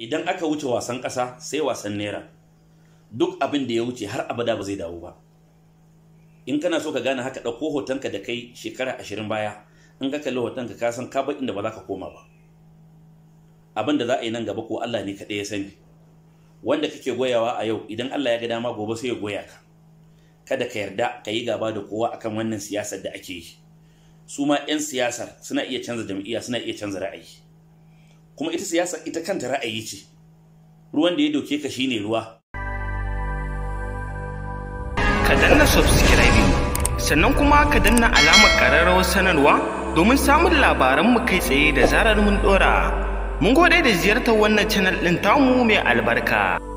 idan aka wuce wasan ƙasa sai wasan nera. duk abin da ya wuce har abada ba zai dawo ba in kana so ka gane haka ɗauko hotonka da kai shekara ashirin baya in ka kalli hotonka ka san ka inda ba za ka koma ba abin da za a yi nan gaba ko Allah ne kaɗai ya sani wanda kake goyawa a yau idan Allah ya ga dama gobe sai ya goya ka kada ka yarda ka yi gaba da kowa akan wannan siyasar da ake yi su ma 'yan siyasar suna iya canza jam'iyya suna iya canza ra'ayi kuma ita siyasa ita kanta ra'ayi ce ruwan da ya doke ka shine ruwa ka danna subscribe sannan kuma ka danna alamar ƙararrawar sanarwa domin samun labaran mu kai tsaye da zarar mun ɗora mun gode da ziyartar wannan channel ɗin tamu mai albarka